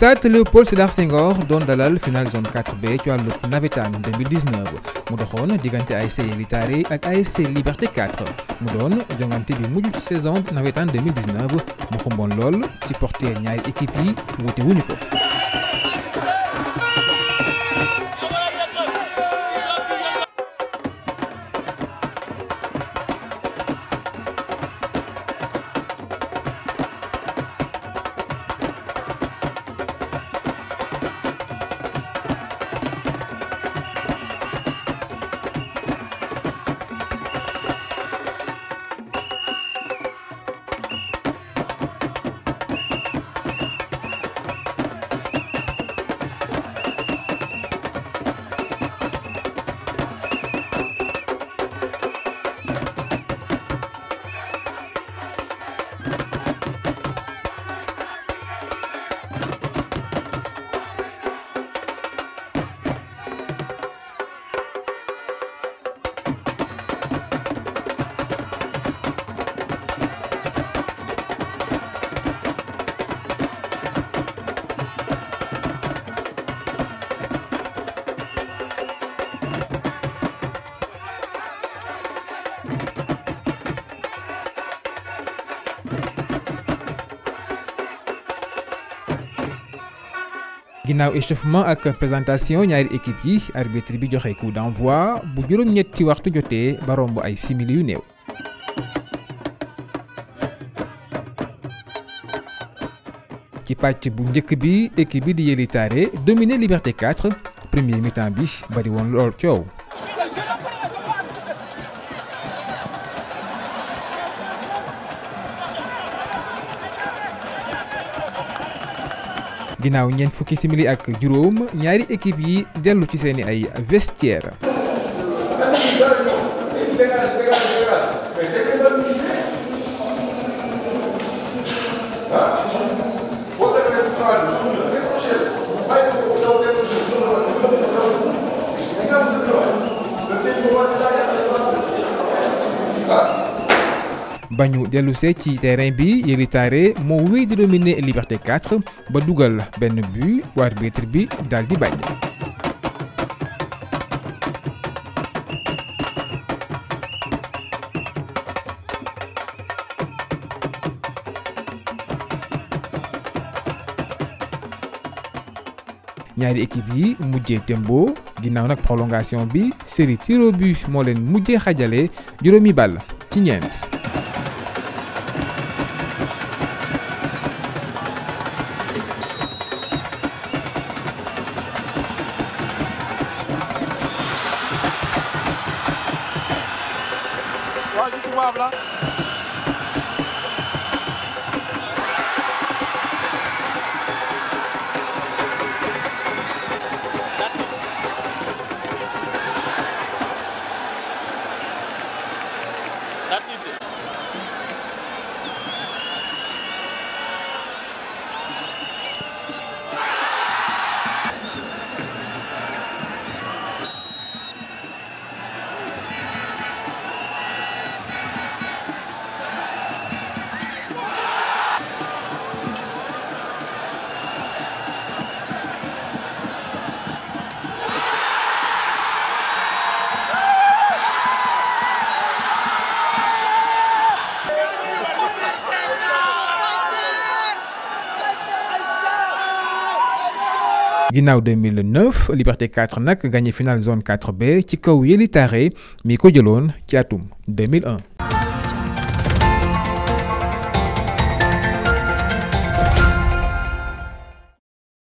stade Léopold Sédar Senghor doon dalal final zone 4B ci wàllu 2019 mu doxoon ASC et ak ASC Liberté 4 mu doon jongante bi ci saison Navetan 2019 mu bon lol supporter ñaari équipe yi wuute pour ginnaaw échauffement ak présentation ñaari équipe yi arbitre bi joxe coup d'envoi bu juróom-ñetti waxtu jotee ba romb ay simili yu néew. ci pàcc bu njëkk bi équipe bi di Yelli Taaré dominé Liberté 4 premier mi-temps bi bari woon lool coow. ginnaaw ñeent fukki simili ak juróom ñaari équipe yi dellu ci seeni ay vestiaire bañu ñu dellusee ci terrain bi Yeli Touré moo wéy di dominer Liberté 4 ba dugal benn but arbitre bi daal di bañ. ñaari équipe yi mujjee tembo ginnaaw nag prolongation bi série tirobu molen but moo leen mujjee xajale juróomi ball ci ñeent. Puebla. That did it. ginnaaw 2009 Liberté 4 Nak gagné finale zone 4B ci kaw Miko mi 2001.